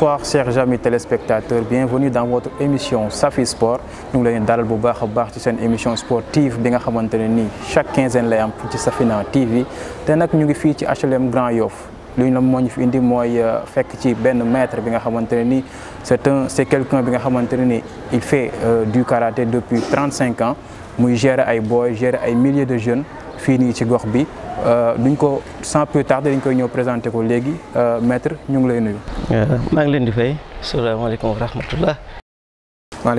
bonsoir chers amis téléspectateurs bienvenue dans votre émission Safi Sport Nous sommes Daryl dalal bu baax émission sportive bi nga chaque quinzaine lay am ci Safina TV Nous sommes ñu ngi ci HLM Grand Yoff li ñu la moo ñu fi indi mooy euh, fekk ci maître c'est un c'est quelqu'un bi nga il fait euh, du karaté depuis 35 ans muy gérer ay boy gère ay milliers de jeunes fii nii ci gox bi euh, duñ ko sans plus dañ koy ñëw présenté ko léegi euh, maître ñu ngi lay nuyu. Euh, maa ngi leen di fay salaamaaleykum wa rahmatullah wa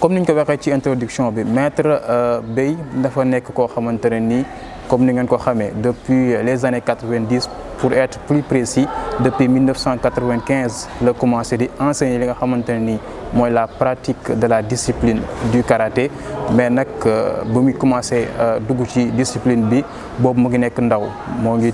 comme nous avons ko introduction maître euh, Bey, dafa depuis les années 90. pour être plus précis depuis 1995, le a commencé à enseigner la pratique de la discipline du karaté mais quand il a commencé euh, dugg discipline bi Bob mo ngi nek ndaw mo ngi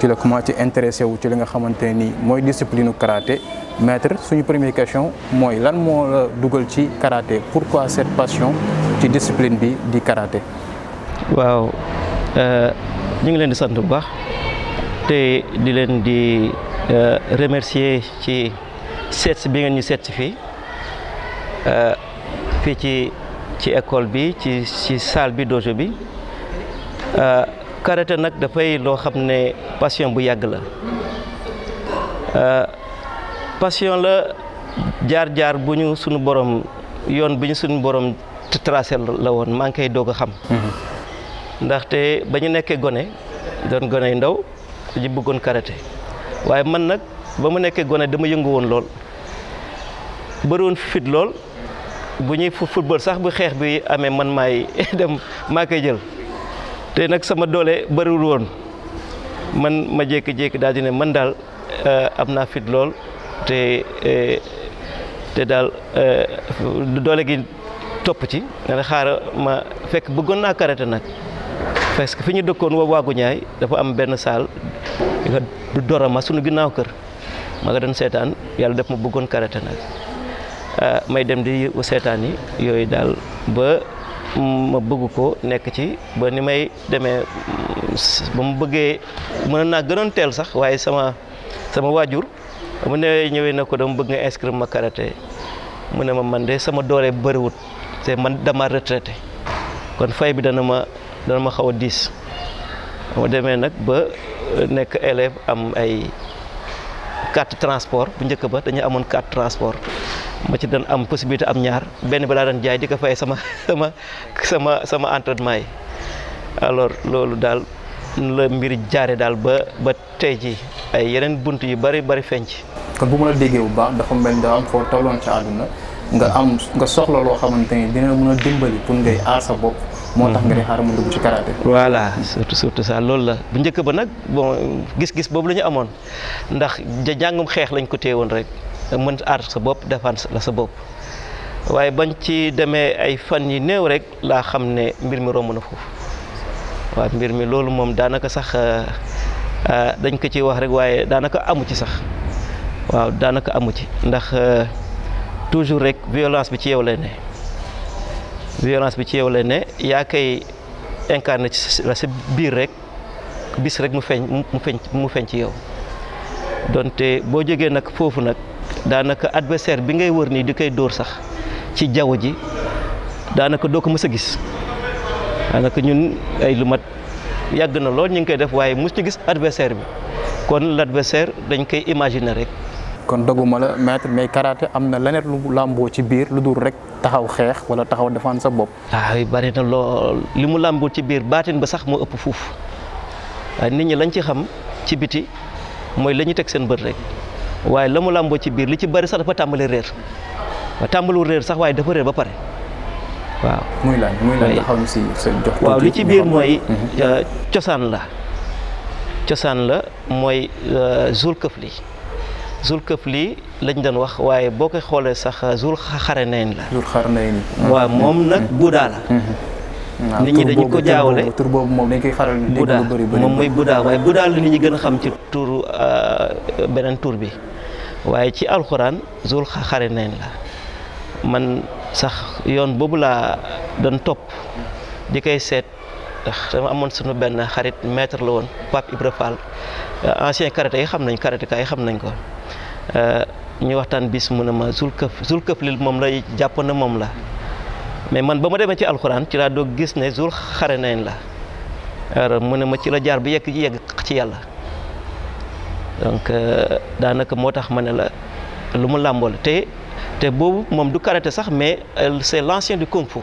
ci la commencé intéressé wu ci li nga xamante ni mooy discipline karaté maître suñu premier question mooy lan moo la dugal ci karaté pourquoi cette passion ci discipline bi di karaté. waaw euh, ñu ngi leen di sant bu baax te di leen di euh, remercier ci seet bi ngeen ñu seet si fii euh, fii ci ci école bi ci ci salle bi dojo bi. karaté nag dafay loo xam ne passion bu yàgg la euh, passion la jaar-jaar bu ñu suñu borom yoon bi ñu suñu borom tracé la woon maa ngi koy doog a xam mm-hmm. ndaxte ba ñu nekkee gone doon gone yu ndaw dañu bëggoon karaté waaye man nag ba mu nekkee gone dama yëngu woon lool bëriwoon fit lool bu ñuy football sax bu xeex bi amee man maay dem maa koy jël te nag sama doole bëriwul woon man ma jékki-jékki daal di ne man daal eh, am naa fit lool te eh, daal eh, doole gi topp ci nga xaaral ma fekk bëggoon naa karate nag parce fi ñu dëkkoon waa waagu ñaay dafa am benn saal du dorama sunu ginnaaw kër ma nga doon seetaan yàlla def ma bëggoon karate nag may dem di seetaan yi yooyu daal ba ma bëgg ko nekk ci ba ni may demee ba mu bëggee mën naa gënoon teel sax waaye sama sama waajur mu ne ñëwee na ko dama bëgg nga inscrire ma karaté mu ne ma man de sama doole bëriwut te man dama retraité kon fay bi dana ma dana ma xaw a diis ma demee nag ba nekk élève am ay carte transport bu njëkk ba dañu amoon carte transport ma ci doon am possibilité am ñaar benn ba laa doon jaay di fay sama sama sama sama entraînement yi alors loolu daal la mbir jaare daal ba ba tey ji ay yeneen bunt yu bari bari feeñ kon bu ma la bu baax dafa mel da am foo tolloon ci àdduna nga am nga soxla loo xamante ni dina mën a dimbali pour ngay aar sa bopp moo tax nga ne mhm. xaaral ma dugg ci karaté. voilà surtout surtout loolu la bu njëkk ba nag bon gis-gis boobu la ñu amoon ndax ja jàngum xeex lañ ko téye woon rek mën aar sa bopp defaan sa bopp waaye bañ ci demee ay fan yi néew rek laa xam ne mbir mi romb na foofu waaw mbir mi loolu moom daanaka sax euh, euh, dañ ko ciy wax rek waaye daanaka amu ci sax waaw daanaka amu ci ndax euh, toujours rek violence bi ci yow lay ne. violence bi ci yow la ne yaa koy incarné ci sa biir rek bis rek mu feeñ mu feeñ mu feeñ ci yow donte boo jegee nag foofu nag daanaka adversaire bi ngay wër nii di koy dóor sax ci jaww ji daanaka doo ko mës a gis daanaka ñun ay lu mat yàgg na lool ñu ngi koy def waaye mus ci gis adversaire bi kon l'adversaire dañ koy imagine rek kon doguma la maître mais karaté am na leneen lu làmboo ci biir lu dul rek taxaw xeex wala taxaw defaan sa bopp. waaw ah bari na lool li mu làmboo ci biir baatin ba sax moo ëpp fuuf waaye nit ñi lañ ci xam ci biti mooy la ñu teg seen bët rek waaye la mu làmboo ci biir li ci bari sax dafa tàmbali réer tàmbaliwul réer sax waaye dafa réer ba pare waaw. muy lan muy waaw li ci biir mooy euh, cosaan la cosaan la mooy euh, zulkëf li këpp lii lañ doon wax waaye boo koy xoolee sax ah, zul xaranayn la. zul xaranayn waaw moom mm-hmm. nag Buda la. Mm-hmm. nit ñi dañu ko jaawale tur boobu moom dañ koy faral di dégg lu bëri moom mooy Buda waaye Buda la nit ñi gën a xam ci tuur ah, beneen tur bi waaye ci alxuraan zul xaranayn la man sax yoon boobu laa doon topp di koy seet. ndax dama amoon suñu benn xarit maître la woon Pape Ibra Fall euh, ancien karaté yi xam nañ karatéka yi xam nañ ko euh, ñu waxtaan bis mu ne ma zul këf zul këf lil moom lay jàppoon na moom la mais man ba ma demee ci alxuraan ci laa doog gis ne zul xare nañ la alors mu ne ma ci la jaar bi yegg yegg ci yàlla donc euh, daanaka moo tax ma ne la lu mu làmbool te te boobu moom du karaté sax mais c'est l'ancien du kung fu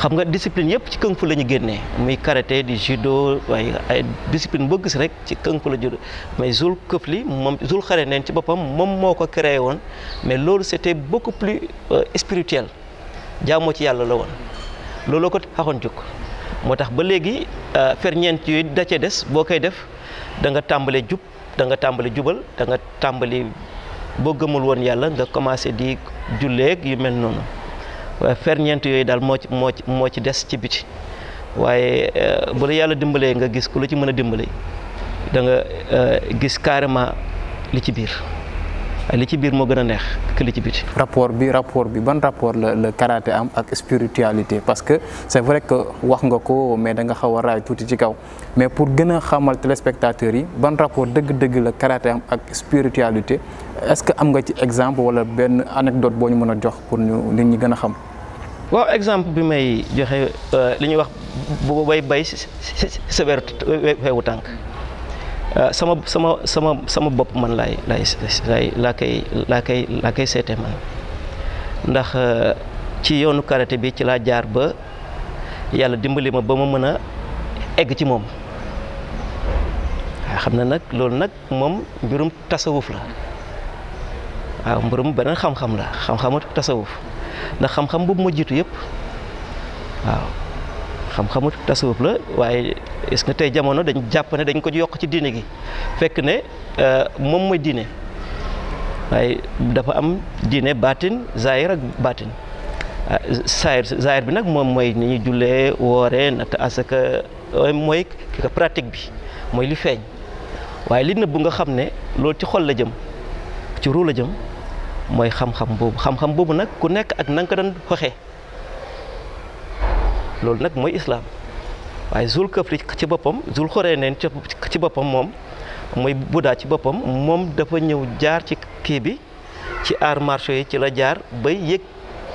xam nga discipline yëpp ci kung fu la ñu génnee muy karaté di judo waaye ay discipline boo gis rek ci kung fu la judo mais Zul Këfli moom Zul neen ci boppam moom moo ko créé woon mais loolu c'était beaucoup plus euh, spirituel jaamoo ci yàlla la woon looloo ko taxoon jóg moo tax ba léegi euh, ferñeent yooyu da cee des boo koy def da nga tàmbale jub da nga tàmbale jubal da nga tàmbali boo gëmul woon yàlla nga commencé di julleeg yu mel noonu waaye ferñeent yooyu daal moo ci moo ci moo ci des ci biti waaye eh, bu la yàlla dimbalee nga gis ku la ci mën a dimbale da nga eh, gis carrément li ci biir li ci biir moo gën a neex que li ci biti. rapport bi rapport bi ban rapport la le karaté am ak spiritualité parce que c'est vrai que wax nga ko mais da nga xaw a raay tuuti ci kaw mais pour gën a xamal téléspectateurs yi ban rapport dëgg-dëgg la karaté am ak spiritualité est-ce que am nga ci exemple wala benn anecdote boo ñu mën a jox pour ñu nit ñi gën a xam. waaw exemple bi may joxe euh, li ñuy wax bu bay bay sa weer euh, euh, wewu tànk. Euh, sama sama sama sama bopp man laay laay laay laa koy laa koy laa koy seete man ndax euh, ci yoonu karaté bi ci laa jaar ba yàlla dimbali ma ba ma mën a egg ci moom waaw xam ne nag loolu nag moom mbirum tasawuf la waaw mbirum beneen xam-xam la xam-xamu tasawuf ndax xam-xam boobu ma jiitu yëpp waaw xam-xamu tasawuf la waaye est-ce que tey jamono dañ jàpp ne dañ ko yokk ci diine gi fekk ne euh, moom mooy diine waaye dafa am diine baatin zaahir ak baatin zaahir zaahir bi nag moom mooy ni ñuy jullee wooree naka que mooy ki pratique bi mooy li feeñ waaye li nëbbu nga xam ne loolu ci xol la jëm ci ruu la jëm mooy xam-xam boobu xam-xam boobu nag ku nekk ak na nga ko doon waxee loolu nag mooy islaam waaye zul këfri ci boppam zul xoree neen ci boppam moom mooy Buddha ci boppam moom dafa ñëw jaar ci kii bi ci aar marché yi ci la jaar bay yëg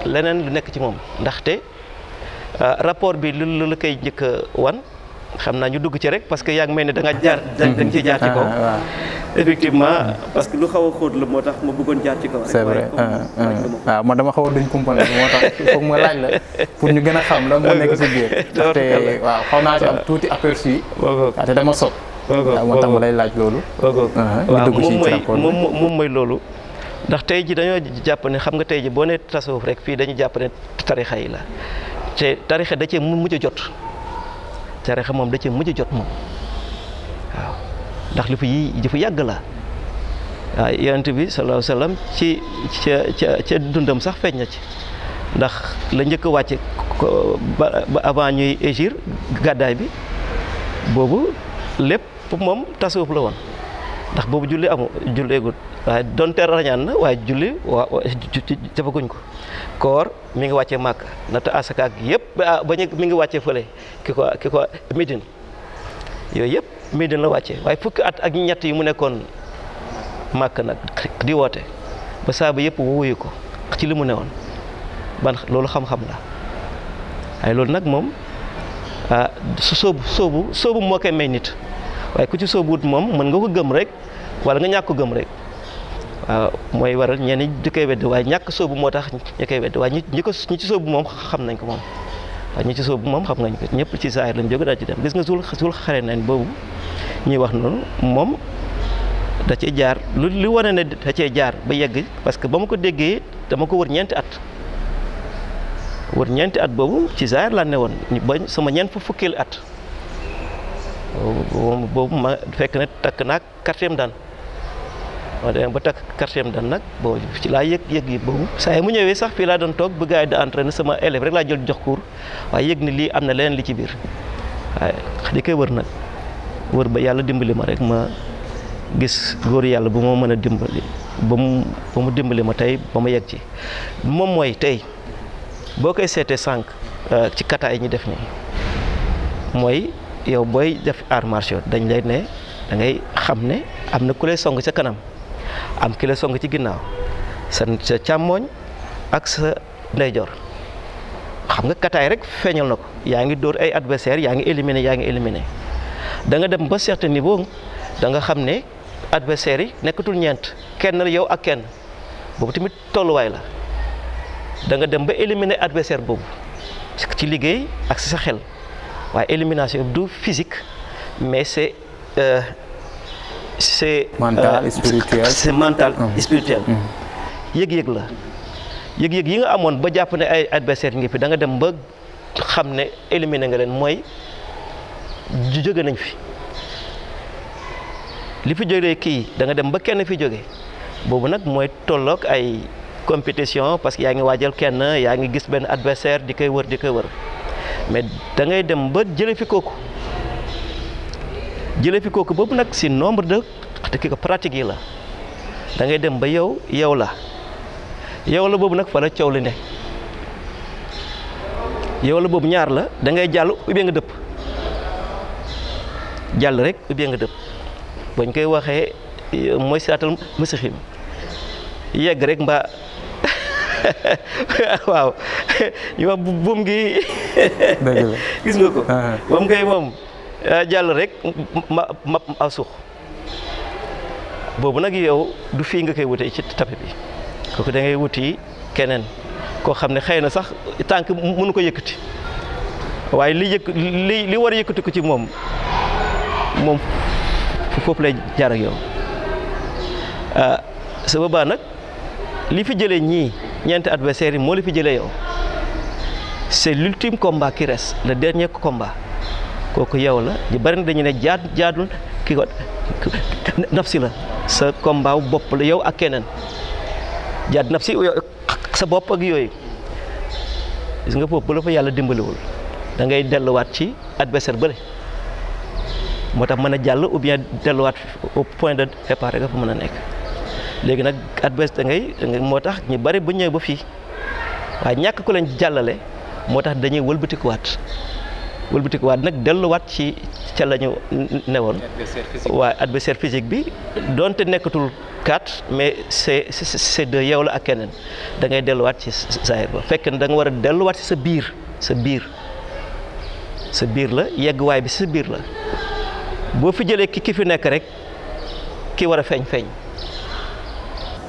leneen lu nekk ci moom ndaxte euh, rapport bi lu la koy njëkk wan xam naa ñu dugg ci rek parce que yàgg may ni da jaar da nga ci jaar ci kaw. Ah, effectivement ah. parce que lu xaw a xóot la moo tax ma bëggoon jaar ci kaw. waaw ah, man dama xaw a duñ kumpane moo tax foog ma laaj la pour ñu gën a xam lan moo nekk si naa am tuuti aperçu. waaw te dama sob waaw lay laaj loolu. waaw dugg ci rapport moom mooy moom mooy loolu. ndax tey ji dañoo jàpp ne xam nga tey ji boo nee tasawuf rek fii dañu jàpp ne tarixa yi la te tarixa da cee mujj a jot. tarixa moom da ca mujj jot moom waaw ndax li fi yi dafa yàgg la waaw yonent bi sallallahu alayhi wasallam ci ca ca dundam sax feeñ na ci ndax la njëkk a wàcce ba avant ñuy égir gàddaay bi boobu lépp moom tasawuf la woon ndax boobu julli amu julleegul waaye donte rañaan na waaye julli waa jëfaguñ ko koor mi ngi wàccee màkk nata asaka ak yëpp ah, ba ñu mi ngi wàccee fële ki ko ki ko Médine yooyu yëpp Médine la wàcce waaye fukki at ak ñett yi mu nekkoon màkk nag di woote ba saaba yëpp wuyu ko ci li mu ne newoon ban loolu xam-xam la waaye loolu nag moom ah su sóobu sóobu sóobu moo koy may nit waaye ku ci sóobuwut moom mën nga ko gëm rek wala nga ñàkk ko gëm rek mooy waral ñenn ñi di koy waaye ñàkk soobu moo tax ñi koy ñi ñi ko ñi ci soobu moom xam nañ ko moom waaw ñi ci soobu moom xam nañ ko ñëpp ci saahir lañ jóge daal ci dem gis nga suul suul xare nañ boobu ñuy wax noonu moom da cee jaar li wane da cee jaar ba yegg parce que ba ma ko déggee dama ko wër ñeenti at wër ñeenti at boobu ci saahir laa ne woon ba sama ñeent fa fukkeelu at boobu ma fekk ne takk naa quatrième daan ma dem ba takk quatrième dan nag bon ci laa yëg yëg yi boobu saa yi mu ñëwee sax fii laa doon toog bëgg a di entraîner sama élève rek laa jox cours waaye yëg ni lii am na leneen li ci biir waaye di koy wër nag wër ba yàlla dimbali ma rek ma gis góor yàlla bu ma mën a dimbali ba mu ba mu dimbali ma tey ba ma yegg ci moom mooy tey boo koy seetee sànq euh, ci kataay ñi def nii mooy yow booy def art martial dañ lay ne da ngay xam ne am na ku lay song ca kanam am ki la song ci ginnaaw sa sa càmmooñ ak sa ndeyjoor xam nga kataay rek feeñal na ko yaa ay adversaire yaa éliminer yaa éliminer da nga dem ba certain niveau da nga xam ne adversaire yi nekkatul ñeent kenn la yow ak kenn boobu tamit tolluwaay la da nga dem ba éliminer adversaire boobu ci liggéey ak si sa xel waaye élimination du physique mais c'est eh, c'est mental euh, spirituel c'est mental mm. Mm. la yëg-yëg yi nga amoon ba jàpp ne ay adversaire ngi fi danga dem ba xam ne éliminé nga leen mooy jóge nañ fi li fi jógee kii danga dem ba kenn fi jóge boobu nag mooy tollook ay compétition parce que yaa ngi waajal kenn yaa ngi gis benn adversaire di koy wër di koy wër mais da dem ba jële fi kooku jëlee fi kooku boobu nag si nombre de de ki ko pratique la da ngay dem ba yow yow la yow la boobu nag fa la coow li ne yow la boobu ñaar la da ngay jàll ubbi nga dëpp jàll rek ubbi nga dëpp bañ koy waxee ya, mooy siraatal mustaqiim yegg iya, rek mbaa waaw ñu wax buum gi. dëgg la gis nga ko. moom kay moom. Eh, jàll rek ma ma ma suux boobu nag yow du fii nga koy wutee ci tabe bi kooku da ngay wuti keneen koo xam ne xëy na sax tànk mënu ko yëkkati waaye li yëkk li li war a yëkkati ko ci moom moom foofu lay jaar ak yow eh, su boobaa nag li fi jëlee ñii ñeenti adversaires yi moo li fi jëlee yow c'est l'ultime combat qui reste le dernier combat. kooku yow la ñu bari na dañu ne jaad jaadul ki nafsi la sa combat bopp la yow ak jaad nafsi sa bopp ak yooyu gis nga bopp la fa yàlla dimbaliwul da ngay delluwaat ci adversaire bële moo tax mën a jàll ou bien delluwaat au point de départ nga fa mën a nekk léegi nag adversaire da ngay moo ñu bari bu ba ku wëlbatiku waat nag delluwaat ci ca la ñu newoon waa adversaire physique bi donte nekkatul 4 mais c'est c'est de yow la ak keneen da ngay delluwaat ci saayir ba fekk na da nga war a delluwaat ci sa bir sa biir sa bir la yegguwaay bi sa biir la boo fi jëlee ki ki fi rek ki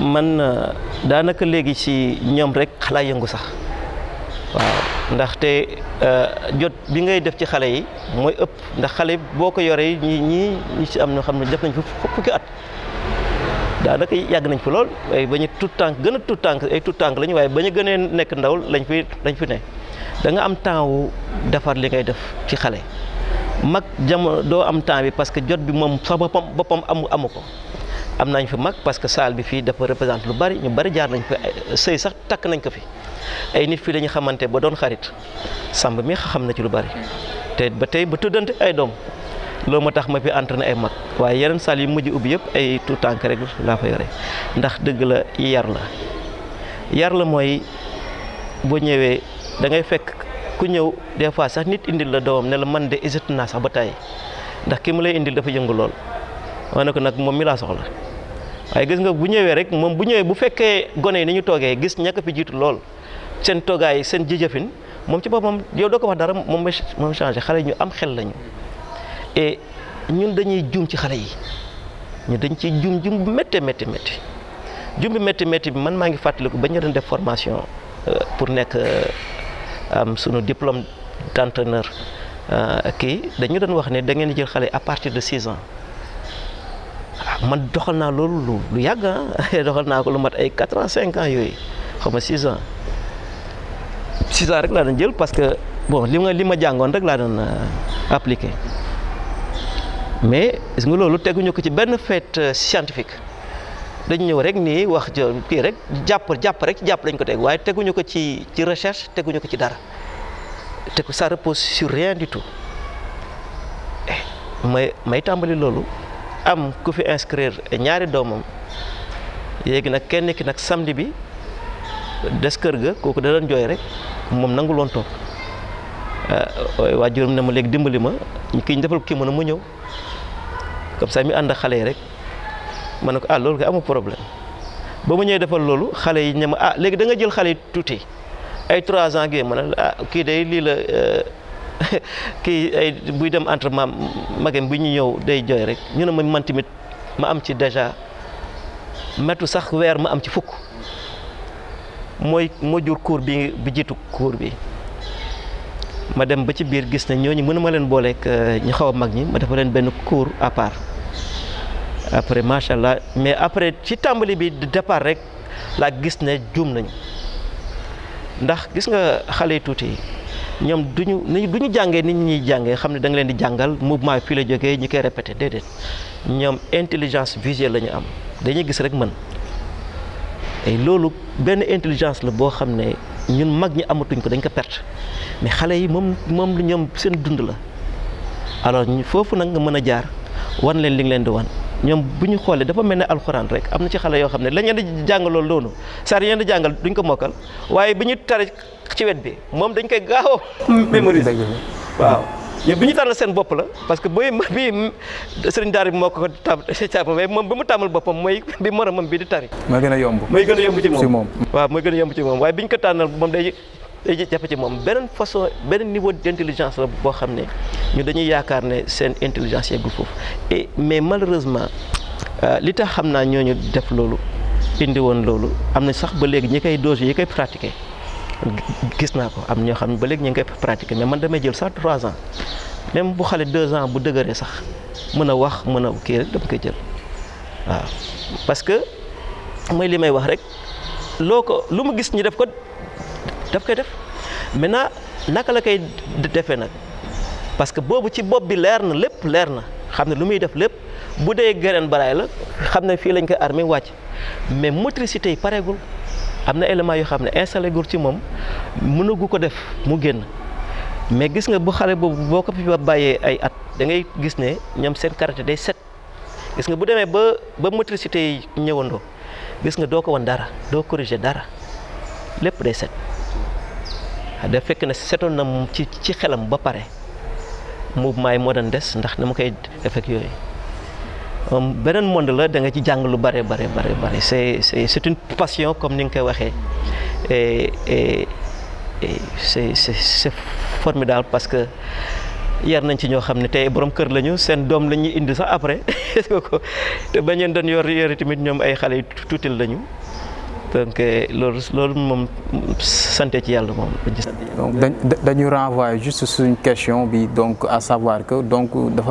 man euh, daanaka léegi ci ñoom rek xalaa yëngu sax waaw ndaxte euh, jot bi ngay def ci xale yi mooy ëpp ndax xale boo ko yoree ñi ñii ñi ci am ñoo xam ne def nañ fa fukki at daanaka yàgg nañ fa lool waaye ba ñu tuut tànk gën a tuut tànk ay tuut tànk lañu waaye ba ñu gënee nekk ndaw lañu fi lañ fi ne danga am temps wu defar li ngay def ci xale mag jamono doo am temps bi parce que jot bi moom sax boppam boppam amu amu ko am nañ fi mag parce que salle bi fi dafa représente lu bari ñu bari jaar nañ fi sëy sax takk nañ ko fi ay nit fii la ñu ba doon xarit sàmb mi xam na ci lu bari te ba tey ba tuddante ay doom loolu ma tax ma fi entraîné ay mag waaye yeneen salle yi mujj ubbi ay tout rek ndax la yar la yar la mooy boo ñëwee da ngay fekk ku ñëw des fois sax nit indil la doomam ne la man de hésité nas, sax ba tey ndax ki mu lay indil dafa yëngu lool ma ne ko mi soxla waaye gis nga bu ñëwee rek moom bu ñëwee bu fekkee gone yi ni ñu toogee gis ñàkk fi jiitu lool seen toogaay seen jëjëfin moom ci boppam yow doo ko wax dara moom moom changé xale ñu am xel lañu et ñun dañuy jum ci xale yi ñu dañ ci juum jum bu mettee métti métti juum bi métti métti bi man maa ngi fàttaliku ba ñu doon def formation euh, pour nekk euh, am sunu diplôme d'entraîneur euh, kii dañu doon wax ne da ngeen jël xale à partir de 6 ans. man doxal naa loolu lu lu yàgg ah doxal naa ko lu mat ay quatre ans cinq ans yooyu xaw ma six ans six ans rek laa doon jël parce que bon li ma li ma jàngoon rek laa doon euh, appliqué mais gis nga loolu teguñu ko ci benn fait euh, scientifique dañu ñëw rek nii wax kii rek jàpp jàpp rek ci jàpp lañ ko teg waaye teguñu ko ci ci recherche teguñu ko ci dara te ça repose sur rien tout eh, may may tàmbali loolu. am ku fi inscrire ñaari doomam léegi nag kenn ki nag samedi bi des kër ga kooku da doon jooy rek moom nangu loon toog ah, waa juróom ne ma léegi dimbali ma ki ñu defal kii mën a mu ñëw comme sax mi ànd ak xale yi rek ma ne ko ah loolu kay amul problème ba mu ñëwee defal loolu xale yi ne ma ah léegi da nga jël xale yi tuuti ay trois ans gi ma ne ah, kii day lii la. Euh, kii ay buy dem entraînement magam bi ñu ñëw day jooy rek ñu ne ma man tamit ma am ci déjà metu sax weer ma am ci fukk mooy moo jur cours bi bi jiitu cours bi ma dem ba ci biir gis ne ñooñu mënu ma leen booleeg euh, ñu xaw a mag ñi ma defa leen benn cours à part après macha allah mais après ci tàmbali bi départ rek laa gis ne juum nañu ndax gis nga xale yi tuuti yi ñoom du ñu du ñu jàngee nit ñuy jàngee xam ne da nga leen di jàngal mouvement fii la jógee ñu koy répété déedéet ñoom intelligence visuelle la ñu am dañuy gis rek mën et loolu benn intelligence la boo xam ne ñun mag ñi amatuñ ko dañ ko perte mais xale yi moom moom ñoom seen dund la alors foofu nag nga mën a jaar wan leen li nga leen di wan. ñoom bu ñu xoolee dafa mel ne alxuraan rek am na ci xale yoo xam ne lañ leen di jàngaloon loolu saar yeen di jàngal duñ ko mokkal waaye bu ñu tare ci wet bi moom dañ koy gaaw a mémoriser waaw ñoom bi ñu tànnal seen bopp la parce que booy bi sëriñ daara bi moo ko tàmm mais moom bi mu tàmmal boppam mooy bi moromam bi di tari a yomb mooy gën a yomb ci moom waaw mooy gën a waaye bi ñu ko tànnal moom day day jafe ci moom beneen façon beneen niveau d' intelligence la boo xam ne ñu dañuy yaakaar ne seen intelligence yeggul foofu et mais malheureusement euh, li tax xam naa ñoo ñu def loolu indi woon loolu am na sax ba léegi ñi koy doge yi koy pratiquer gis naa ko am ñoo xam ne ba léegi ñu ngi koy pratiquer mais man damay jël sax trois ans même bu xale deux ans bu dëgëree sax mën a wax mën a kii rek dama koy jël waaw parce que mooy li may wax rek loo ko lu gis ñi def ko daf koy def maintenant naka la koy defee nag parce que boobu ci bopp bi leer na lépp leer na xam ne lu muy def lépp bu dee gërën baraay la xam ne fii lañ koy armé wàcc mais motricité yi pareegul am na élément yoo xam ne installé gul ci moom mënagu ko def mu génn mais gis nga bu xale boobu boo ko fi ba bàyyee ay at da ngay gis ne ñoom seen karate day set gis nga bu demee ba ba motricité yi ñëwandoo gis nga doo ko wan dara doo corriger dara lépp day set. da fekk na setoon na ci ci xelam ba pare mouvement yi moo doon ndax dama ma koy def ak yooyu um, beneen monde la da nga ci jang lu bare bare bare bare c'est c'est une passion comme ni nga koy waxee et et c'est c'est formidable parce que yar nañ ci ñoo xam tay borom kër lañu sen dom lañu indi sax après est ce que te bañeen doon yor yore timit ñom ay xalé tutil lañu donc leur loolu est santé. ci yalla mom Donc dañu renvoyer juste sur une question donc à savoir que donc dafa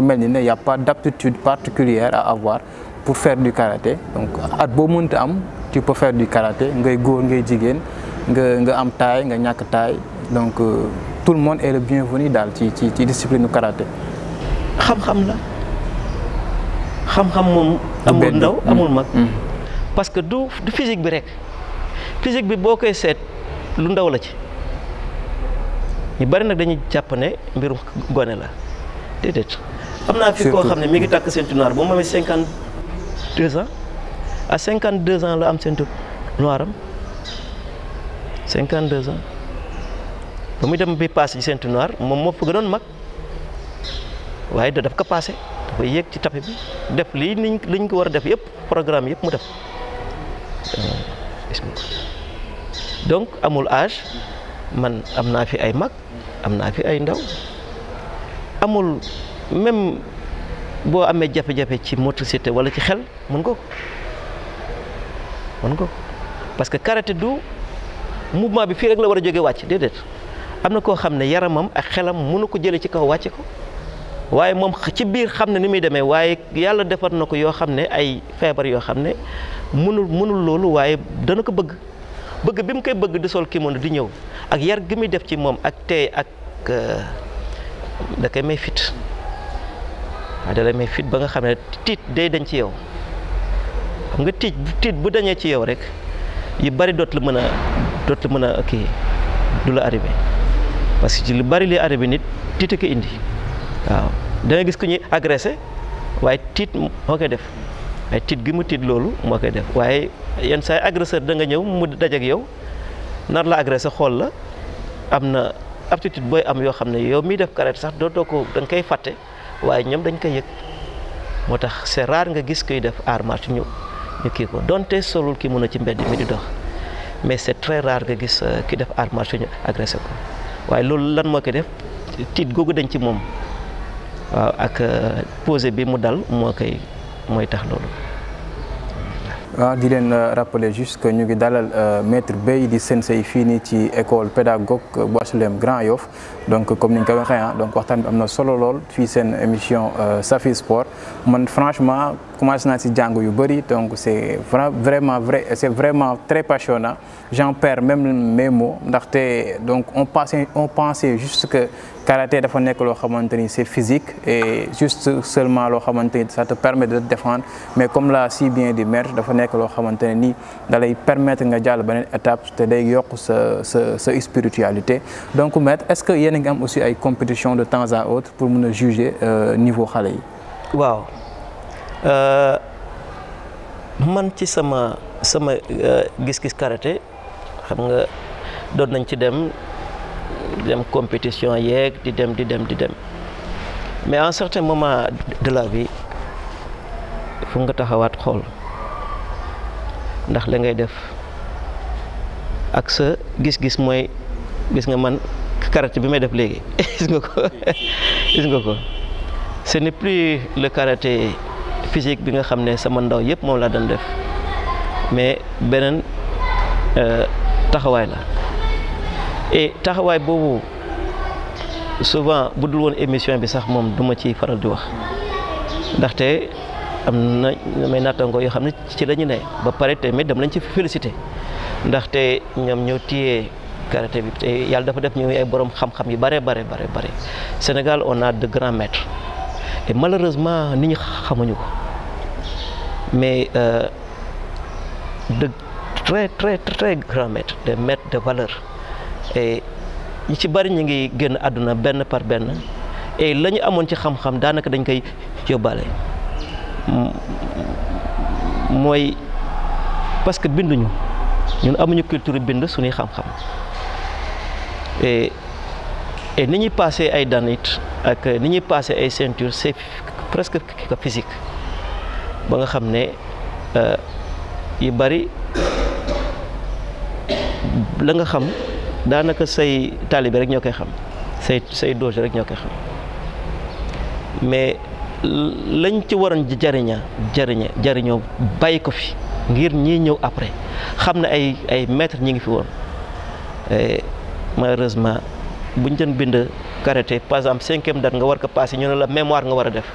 a pas d'aptitude particulière à avoir pour faire du karaté donc at faire moment, am tu peux faire du karaté ngay peux ngay jigen, nga nga am taille nga ñak taille donc euh, tout le monde est le bienvenu dans la discipline du karaté. xam-xam la xam-xam mom amul ndaw amul mm. parce que du du physique bi rek. physique bi boo koy seet lu ndaw la ci ñu bari nag dañuy jàpp ne mbirum gone la déedéet. am naa fi koo xam ne mi ngi takk ceinture noire boo mu amee cinquante deux ans cinquante deux ans la am ceinture noire am muy dem bi paase ci ceinture noire moom moo fa gënoon mag waaye da daf ko paase dafa yéeg ci tapis bi def lii niñ liñ ko war a def yëpp programme yëpp mu def. donc amul age man am naa fi ay mag am naa fi ay ndaw amul même boo amee jafe-jafe ci motricité wala ci xel mën nga ko mën nga ko parce que karaté du mouvement bi fii rek la war a jóge wàcc déedéet am na koo xam ne yaramam ak xelam mënu ko jëlee ci kaw wàcce ko waaye moom ci biir xam ne ni muy demee waaye yàlla defar na ko yoo xam ne ay feebar yoo xam ne mënul mënul loolu waaye dana ko bëgg bëgg bi mu koy bëgg di sol kimono di ñëw ak yar gi muy def ci moom ak tey ak euh, da may fit waaw da lay may fit ba nga xam ne tiit day dañ ci yow xam nga tiit tiit bu dañee ci yow rek yu bari doot la mën a doot la mën a kii du la arrivé parce que ci lu bari li arrivé nit tiit ko indi waaw da gis ku ñuy agressé waaye tiit moo koy def. mais tiit gi mu tiit loolu moo koy def waaye yenn saa agresseur da nga ñëw mu dajeek yow nar la agressé xool la am na aptitude booy am yoo xam ne yow mii def karaté sax doo doo ko da nga koy fàtte waaye ñoom dañ koy yëg moo tax c'est rare nga gis kuy def art ñu ñu kii ko donte solul ki mun a ci mbedd mi di dox mais c'est très rare nga gis euh, ki def art martial ñu agressé ko waaye loolu lan moo koy def tiit googu dañ ci moom waaw ak euh, posé bi mu dal moo koy. moy tax loolu. waaw ah, di len euh, rappeler juste que ñu ngi dalal euh, maître bey di sensey fini ci école pédagogue bu Grand Yoff donc comme ni ñu ko waxee ah, donc waxtaan amna solo lol fi sen émission euh, Safi Sport man franchement commencé na ci jàng yu bari donc c'est vraiment vrai c'est vraiment très passionnant j'en perds même mes mots ndaxte donc on pensait on pensait juste que karaté dafa nek lo xamanteni ni c'est physique et juste seulement lo xamanteni ça te permet de te défendre mais comme l'a si bien dit maître dafa nek lo xamanteni ni nii permettre nga jàll benen étape te day yokk sa sa ce spiritualité donc maître est-ce que yéen a am aussi ay compétition de temps à autre pour me juger euh, niveau xalé yi. waaw euh, man ci sama sama euh, gis-gis karaté xam nga doon nañ ci dem. dem compétition yeeg di dem di dem di dem mais à un certain moment de la vie fu nga taxawaat xool ndax la ngay def ak sa gis-gis mooy gis nga man karaté bi may def léegi gis nga ko gis nga ko ce n'est plus le karaté physique bi nga xam sama ndaw yëpp moom laa doon def mais beneen euh, taxawaay la taxawaay boobu souvent bu dul woon émission bi sax moom duma ci faral di wax ndaxte am na may nattangoo yoo xam ne ci la ñu ne ba pare tamit dem lañ ci félicité ndaxte ñoom ñoo téye karaté bi te yàlla dafa def ñu ay borom xam-xam yu bare bare bare bare Sénégal on a de grands maîtres et malheureusement nit ñi xamuñu ko mais euh, de très très très grands maîtres des maîtres de valeur ñi ci bari ñu ngi génn àdduna benn par benn et la ñu amoon ci xam-xam daanaka dañ koy yóbbaale mooy parce que binduñu ñun amuñu culture bind suñuy xam-xam ni ñuy passé ay danit ak ni ñuy passé ay ceinture c'est presque physique ba nga xam ne euh, yu bari la nga xam. daanaka say taalibe rek ñoo koy xam say say doge rek ñoo koy xam mais lañ ci waroon jariña jariña jariñoo bàyyi ko fi ngir ñii ñëw après xam ne ay ay maître ñi ngi fi woon malheureusement buñ doon bind karaté par exemple cinquième date nga war ko passé ñu ne la mémoire nga war a def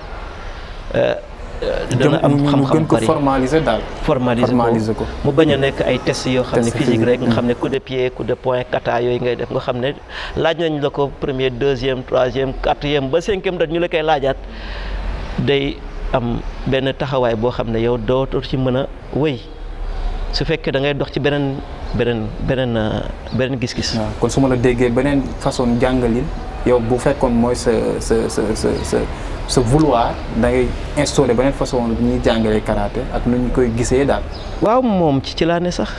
euh, Euh, dana am xam-xam bari formaliser daal formaliser ko mu bañ a nekk ay test yoo xam ne physique rek nga xam ne coup de pied coup de point kata yooyu ngay def nga xam ne laaj nañ la ko premier deuxième troisième quatrième ba cinquième dat ñu la koy laajaat day am benn taxawaay boo xam ne yow dootul ci mën a wéy su fekkee da ngay dox ci beneen beneen beneen euh, beneen gis-gis. kon su ma la déggee beneen façon jàngalin yow bu fekkoon mooy sa sa sa sa se vouloir da ngay instauré beneen façon bu ñuy jàngalee karaté ak nu ñu koy gisee daal. waaw moom ci ci laa sax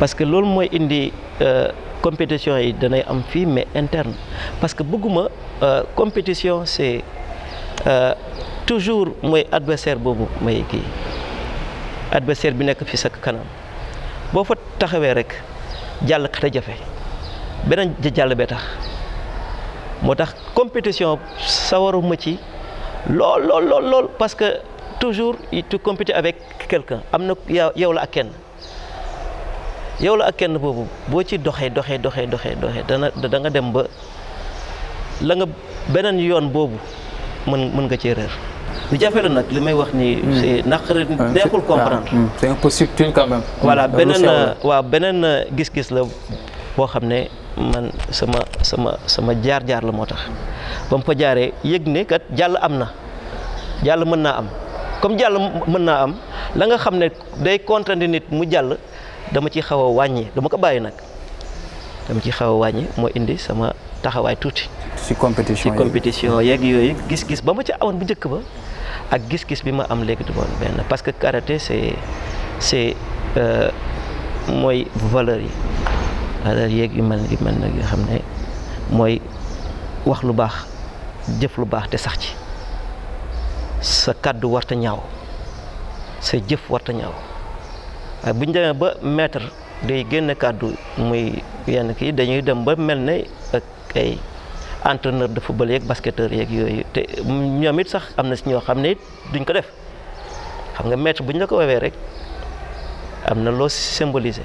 parce que loolu mooy indi euh, compétition yi danay am fii mais interne parce que bëgguma euh, compétition c'est euh, toujours mooy adversaire boobu may kii adversaire bi nekk fi sa kanam boo fa taxawee rek jàll kat a jafe beneen jàll bee tax moo tax compétition sawaruma ci lol lol lol lol parce que toujours tu compétis avec quelqu'un amna yow la ak kenn yow la ak kenn boobu boo ci doxee doxee doxee doxee doxee dana da nga dem ba la nga benen yoon bobu mën mën nga ci réer lu jafe nak limay wax ni hmm. c'est naqari ah, neexul ah, comprendre hmm. c'est un peu subtil quand même voilà benen wa benen gis-gis la boo xam ne man sama sama sama jaar-jaar la moo tax ba mu fa jaaree yëg ne kat jàll am na jàll mën naa am comme jàll mën naa am la nga xam ne day contraindre nit mu jàll dama ci xaw a wàññi dama ko bàyyi nag dama ci xaw a wàññi moo indi sama taxawaay tuuti. ci compétition ci compétition yeeg yooyu gis-gis ba ma ci amoon bu njëkk ba ak gis-gis bi ma am léegi du woon benn parce que karaté c'est c'est euh, mooy valeur yi. alal yéeg yu mel yu mel nag yoo xam ne mooy wax lu baax jëf lu baax te sax ci sa kàddu warta ñaaw sa jëf warta ñaaw waaye bu ñu demee ba maître day génn kàddu muy yenn kii dañuy dem ba mel ne ak ay entraîneur de football yeeg basketteur yeeg yooyu te ñoom it sax am na si ñoo xam ne it duñ ko def xam nga maître bu ñu la ko woowee rek am na loo symboliser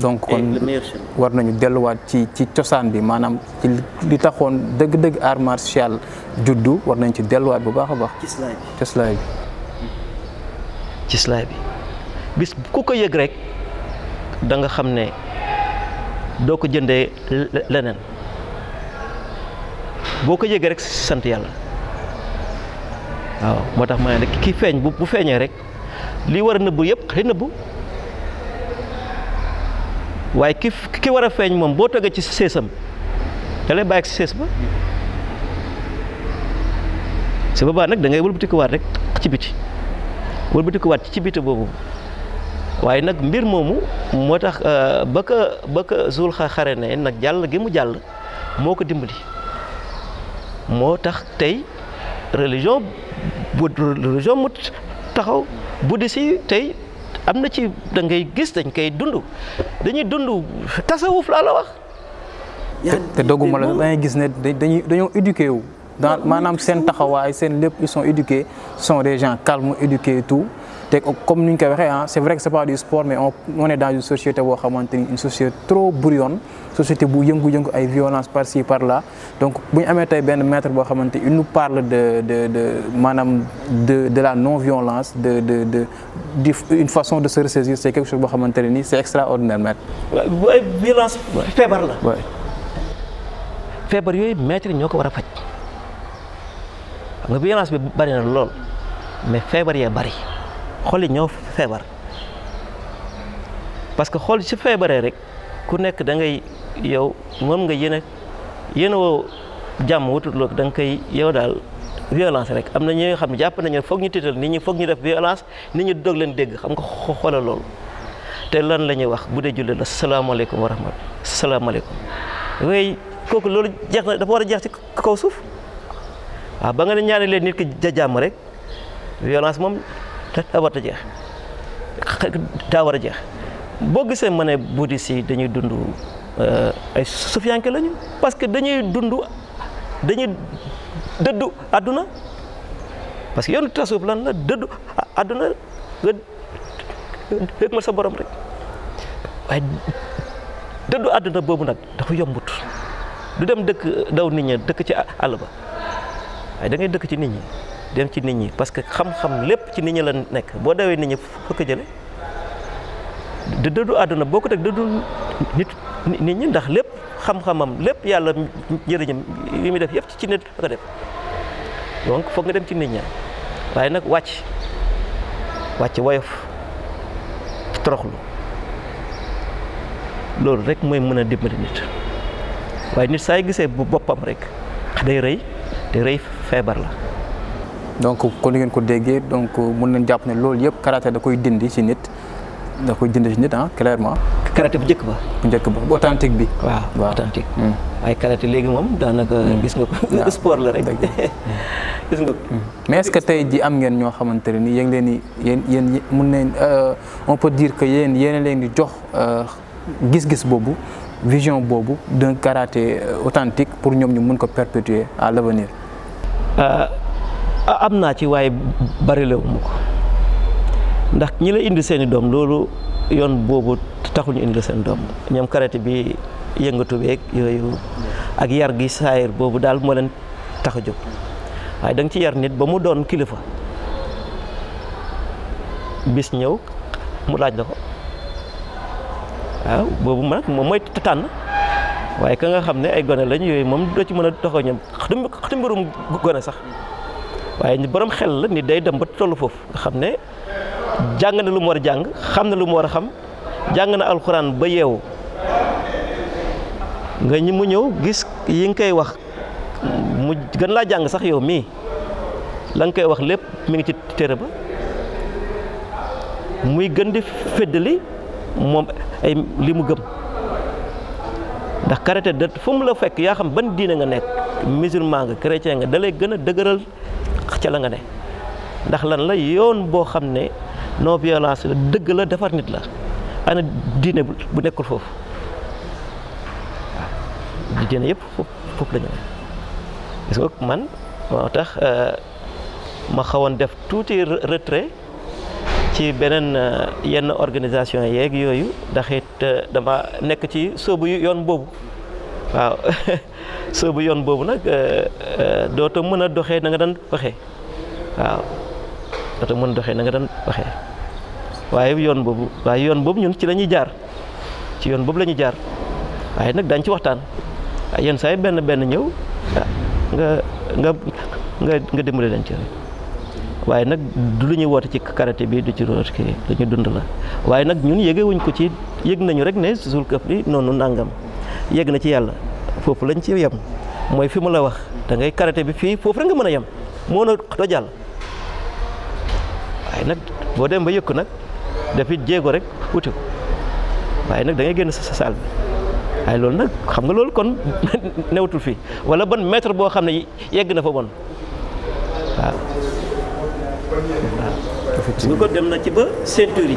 donc kon war nañu delluwaat ci ci cosaan bi maanaam li taxoon dëgg-dëgg art martial juddu war nañ ci delluwaat bu baax a baax. cislaay bi cislaay bi. cislaay bi bis ku ko yëg rek da nga xam ne doo ko jëndee leneen boo ko yëgee rek sant yàlla waaw moo tax ma ne ki feeñ bu feeñee rek li war a nëbbu yépp xëy nëbbu. waaye ki ki war a feeñ moom boo toggee ci séesam da lay bàyyi ak sées ba su boobaa nag dangay ngay rek ci biti wëlbatikuwaat ci biti boobu waaye nag mbir moomu moo tax euh, ba ka ba ka Zulxa xare ne nag jàll gi mu jàll moo ko dimbali moo tax tey religion bu religion mu taxaw buddi si tey amna ci da ngay gis dañ koy dund dañuy dund tasawuf la la wax. té doguma la ils sont éduqués sont des gens calmes éduqués et tout comme nous, ñu koy ah, C'est vrai que ce n'est pas du sport mais on on est dans une société une société trop Une société bu yëngu-yëngu ay violence par ci par là donc si on a tey maître il nous parle de de de de de la non violence de de de une façon de se ressaisir C'est quelque chose boo xamante c'est extraordinaire maître. violence. feebar la waay. feebar maître nous avons fait. La violence bi bari mais faible est bari. xol yi ñoo feebar parce que xol su feebaree rek ku nekk da ngay yow moom nga yéen a yéen woo jàmm wutuloo da danga koy yow daal violence rek am na ñi nga xam ne jàpp nañu foog ñu tiital nit ñi foog ñu def violence nit ñi doog leen dégg xam nga xoola loolu te lan la ñuy wax bu dee jullit la salaamaaleykum wa rahmatulah salaamaaleykum waaye kooku loolu jeex na dafa war kaw suuf ba nga ne ñaane leen nit ki jàmm rek violence moom. te daa jeex daa jeex boo gisee ma ne bouddhiste dañuy dund euh, ay sufiyanke lañu parce que dañuy dund dañuy dëddu àdduna parce que yoonu tasawuf lan la dëddu àdduna nga dégmal sa borom rek àdduna boobu nag dafa yombut du dem dëkk daw nit ña dëkk ci àll ba waaye da dëkk ci nit ñi dem ci nit ñi parce que xam-xam lépp ci nit ñi la nekk boo dawee nit ñi foo ko jëlee de dëddu àdduna boo ko teg dëddu nit nit ñi ndax lépp xam-xamam lépp yàlla njëriñam yi muy def yëpp ci nit la def donc foog nga dem ci nit ña waaye nag wàcc wàcc woyof toroxlu loolu rek mooy mën a dimbali nit waaye nit saa gisee bu boppam rek day rëy day rëy feebar la donc kon ni ngeen ko déggee donc mun nañ jàpp ne loolu yëpp karaté da koy dindi ci nit da koy dindi ci nit ah clairement. karaté bu njëkk ba. bu njëkk ba authentique bi. waaw authentique. Hmm. ay karaté léegi moom daanaka. Hmm. gis nga sport la rek. gis nga hmm. mais est-ce que tey ji am ngeen ñoo xamante ne ni yéen leen di yéen yéen euh, on peut dire que yéen yéen leni di jox euh, gis-gis bobu vision bobu d'un karaté euh, authentique pour ñoom ñu mun ko perpétuer à l'avenir Ah, am naa ci waaye bari ko ndax ñi la indi seeni doom loolu yoon boobu taxuñu indi seen doom ñoom karate bi yëngatu beeg yooyu ak yar gi saayir boobu daal moo leen tax a jóg waaye da ci yar nit ba mu doon kilifa bis ñëw mu laaj la ko waaw boobu man nag moom mooy tànn waaye ka nga xam ne ay gone lañ yooyu moom doo ci mën a doxoo ñoom xatu mbirum gone sax waaye ñu borom xel la ni day dem ba tollu foofu nga xam ne jàng na lu mu war a xam na lu mu xam na ba nga ñi mu gis yi nga koy wax mu gën laa jàng sax yow mii la nga koy wax mi ngi ci téere ba muy gën di feddali moom ay li mu gëm ndax karité da fum la fekk ya xam ban diine nga nekk musulman nga chrétien nga dalay gën a ca la nga ne ndax lan la yoon boo xam ne non violence dëgg la defar nit la ana diine bu nekkul foofu waaw diine yëpp foofu la ñu ne man moo tax euh, ma xawoon def tuuti retrait ci beneen euh, yenn organisation yeeg yooyu ndax it euh, dama nekk ci soobu yoon boobu waaw soobu yoon boobu nag dootoo mën a doxee na nga daan waxee waaw dootoo mën a doxee na nga daan waxee waaye yoon boobu waaye yoon boobu ñun ci la ñuy jaar ci yoon boobu la ñuy jaar waaye nag daañ ci waxtaan yenn saa yi benn benn ñëw ya, nga nga nga nga dimbale leen ci waaye nag du lu ñuy woote ci karaté bi du ci root ki lu ñu dund la waaye nag ñun yëgewuñ ko ci yëg nañu rek ne suul këf li noonu nangam yegg na ci yàlla foofu lañ ci yem mooy fi mu la wax dangay ngay karate bi fii foofu rek nga mën a yem moo na doo jàll waaye nag boo dem ba yëkku nag dafit jéego rek wuti ko waaye nag da génn sa saal bi waaye loolu nag xam nga loolu kon newatul fii wala ban maître boo xam ne yegg na fa bon waaw. waaw. ko dem na ci ba ceinture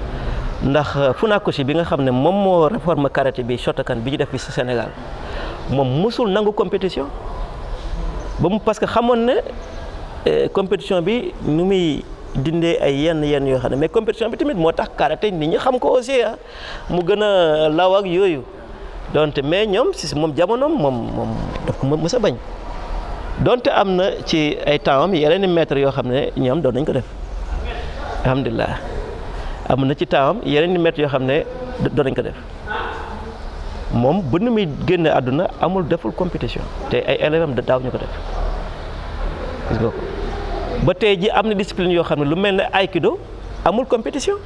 ndax euh, fu si bi nga xam ne moom moo réforme karaté bi kan bi ñu def bi si Sénégal moom mosul nangu compétition ba mu parce que xamoon ne euh, compétition bi nu muy dindee ay yenn yenn yoo xam ne mais compétition bi tamit moo tax karaté ni ñu xam ko aussi ah mu gën a law ak yooyu donte mais ñoom si moom jamonoom moom moom daf ko mës a bañ donte am na ci ay temps am yeneen i maîtres yoo xam ne ñoom doon nañ ko def alhamdulilah. am na ci taawam yeneen i yoo xam ne doon nañ ko def moom bu nu muy génne àdduna amul deful compétition te ay élèves am daaw ñu ko def ba tey ji am na discipline yoo xam ne lu mel ne ay aikido amul compétition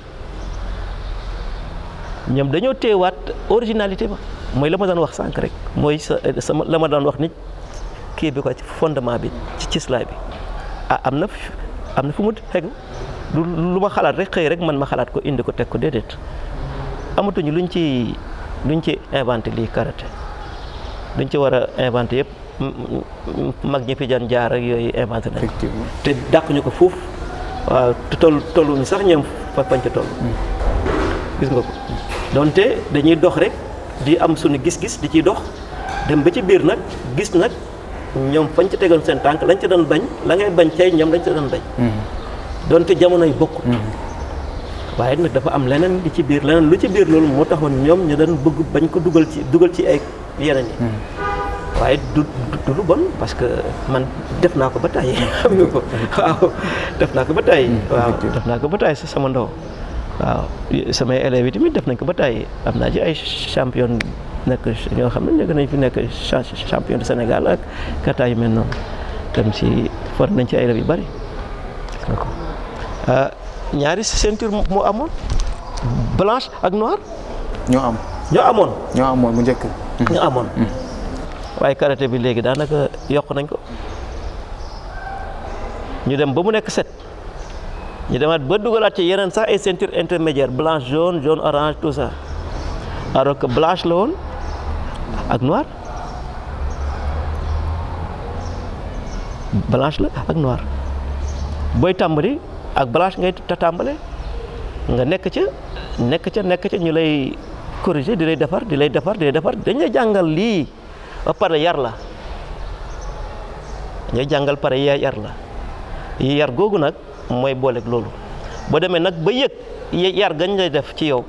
ñoom dañoo teewaat originalité ba mooy la ma daan wax sànq rek mooy sa eh, sama la ma daan wax ni kii bi ko fondement bi ci cislaay bi ah am na am na fu mu xegu du lu ma xalaat rek xëy rek man ma xalaat ko indi ko teg ko déedéet amatuñu luñ ci luñ ci inventé lii karaté luñ ci war a inventé yëpp mag ñi fi daan jaar ak yooyu inventé nañ te dàq ko foofu waaw te toll sax ñoom fa fañ ca hmm. donte dañuy dox rek di am suñu gis-gis di ciy dox dem ba ci biir nag gis nag ñoom fañ ci tegoon seen tànk lañ ci doon bañ la ngay bañ tey ñoom lañ ci doon bañ hmm. donte jamonoy bokkut mm-hmm. waaye nag dafa am leneen ci biir leneen lu ci biir loolu moo taxoon ñoom ñu doon bëgg bañ ko dugal ci dugal ci ay yeneen yi mm-hmm. waaye du du lu bon parce que man def naa ko ba tàyyi waaw def naa ko ba tàyyi mm-hmm. waaw def naa ko ba tàyyi sa sama ndaw waaw samay élèves yi tamit def nañ ko ba tàyyi am naa ci ay champion nekk ñoo xam ne nekk nañ fi nekk champion du Sénégal ak kataay yu mel noonu dem si for nañ ci ay élèves yu bari ñaari eh, ceinture mo amone blanche ak noir ño am ño amone ño amone mu ñëk ño mm-hmm. amone mm-hmm. waye karaté bi légui danaka yok nañ ko ñu dem ba mu nek set ñu demat ba dugalat ci yenen sax ay ceinture intermédiaire blanche jaune jaune orange tout ça alors que blanche la won ak noir blanche la ak noir boy tambali ak blanche ngay tatàmbale nga nekk ca nekk ca nekk ca ñu lay corriger di lay defar di lay defar di lay defar dañ lay jàngal lii ba pare yar la ngay jàngal pare yaa yar la yar googu nag mooy booleeg loolu boo demee nag ba yëg yar gañ lay def ci yow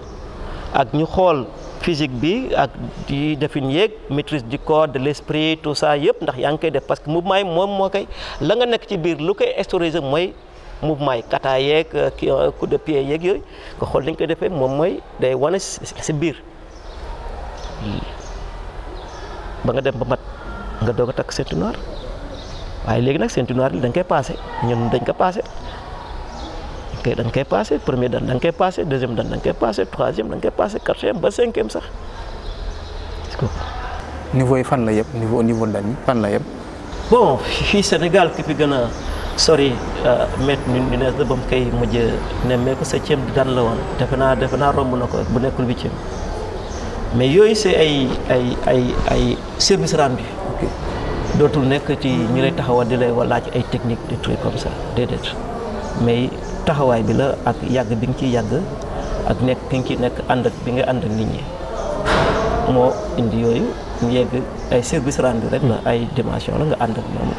ak ñu xool physique bi ak di defin yéeg maîtrise du corps de l'esprit tout ça yëpp ndax yaa ngi koy def parce que mouvement yi moom moo koy la nga nekk ci biir lu koy historiser mooy mouvement yi kata yeeg eh, coup eh, de pied yeeg yooyu nga xool nañ ko defee moom mooy day wane si biir ba nga dem ba mat nga doog a takk ceinture noire waaye léegi nag ceinture noire bi da nga koy passé ñun dañ ko passé da nga koy passé premier dan da nga koy passé deuxième dan koy troisième koy quatrième ba cinquième sax niveau fan la yëpp niveau niveau dan fan la bon fii Senegal ki fi sori euh, met ñun ñu nees la ba mu koy mujj nemmeeku septième bi daan la woon defe naa defe naa romb na ko bu nekkul bi huitième mais yooyu c'est ay ay ay ay service rendu dootul nekk ci ñu lay taxawal di lay laaj ay technique des comme ça déedéet mais taxawaay bi la ak yàgg bi nga ciy yàgg ak nekk bi nga ciy nekk ànd ak bi nga ànd ak nit ñi moo indi yooyu mu yegg ay service rendu rek la hmm. ay dimension la nga ànd ak moom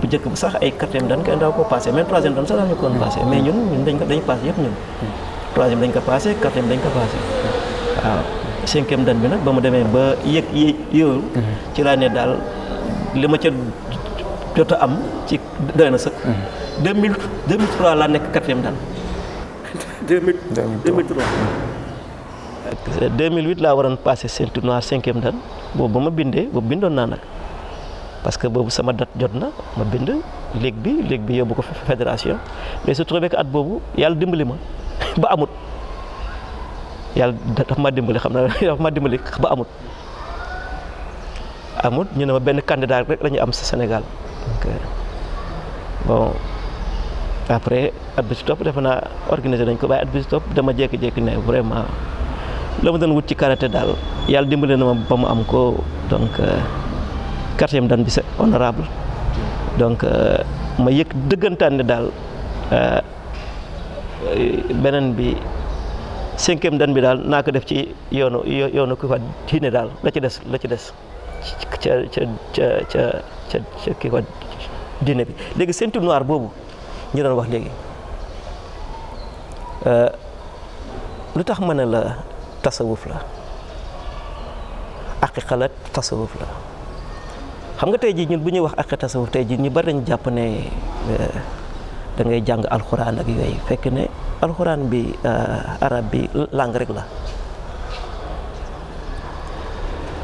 bu njëkk bu sax ay quatrième dan koy daaw ko passé même troisième dan sax daañu ko woon mais ñun ñun dañ ko dañ passé yëpp ñun dañ ko passé quatrième dañ ko waaw cinquième dan bi nag ba mu demee ba yëg yëg yooyu ci laa ne daal li ma ca jot am ci doy na sëkk deux mille trois laa nekk quatrième dan deux mille deux laa waroon passé ceinture noire cinquième dan boobu ba ma bindee boobu bindoon naa nag parce que boobu sama date jot na ma bind léegi bi léegi bi yóbbu ko fédération mais se trouvé que at boobu yàlla dimbali ma ba amut yàlla dafa ma dimbali xam naa ma dimbali ba amut amut ñu ne ma benn candidat rek la am si senegal donc euh, bon après at bi ci topp defe naa organisé nañ ko waaye at bi dama jékki-jékki ne vraiment la ma doon wut ci karaté daal yàlla dimbali na ma ba mu am ko euh, quatrième dan bi c'est honorable donc euh, ma yëg dëggantaan ne daal euh, beneen bi cinquième dan bi daal naa ko def ci yoonu yoonu kii quoi diine daal la ci des la ca des ca ca ca ca ca kii quoi diine bi léegi ceinture noire boobu ñu doon wax léegi euh, lu tax ma ne la tasawuf la aqiqa la tasawuf la xam nga tey jii ñun bu ñuy wax ak tasawuf tey jii ñu bari dañu jàpp ne eh, da ngay jàng alxuraan ak yooyu fekk ne alxuraan bi eh, arab bi langue rek la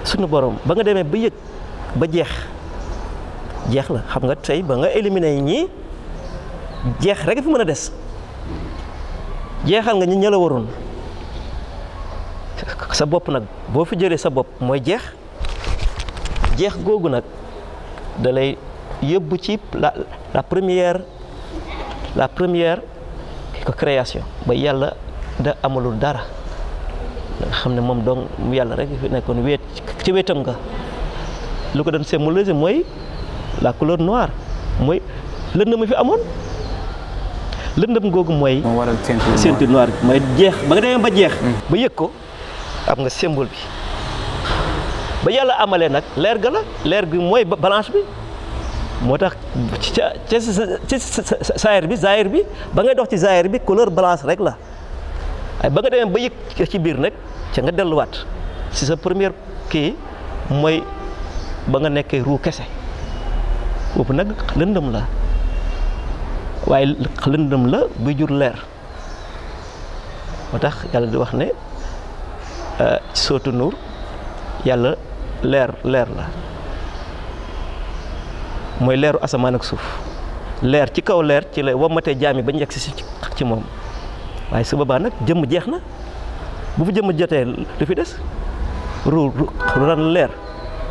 suñu borom ba nga demee ba yëg ba jeex jeex la xam nga tey ba nga éliminer ñi jeex rek fi mën a des jeexal nga ñi ña la waroon sa bopp nag boo fi jëlee sa bopp mooy jeex jeex googu nag da lay yóbbu ci la la première la première ko création ba yàlla da amalul dara nga xam ne moom donc yàlla rek fi nekkoon weet ci wetam nga lu ko doon symboliser mooy la couleur noire mooy lëndëm fi amoon lëndëm googu mooy ceinture noire mooy jeex ba nga demee ba jeex mm. ba yëg ko am nga simbool bi ba yàlla amalee nag leer ga la leer gi mooy balance bi moo tax ca ca ca saayir bi zaayir bi ba ngay dox ci zaayir bi couleur balance rek la ay ba nga demee ba yëg ci biir nag ca nga delluwaat ci sa première kii mooy ba nga nekkee ru kese boobu nag lëndëm la waaye lëndëm la buy jur leer moo tax yàlla di wax ne euh, ci sootu nuur yàlla leer leer la mooy leeru asamaan ak suuf leer ci kaw leer ci la womatee jaami bañ yegg si ci moom waaye su boobaa nag jëmm jeex na bu fu jëmm jotee lu fi des ru ran leer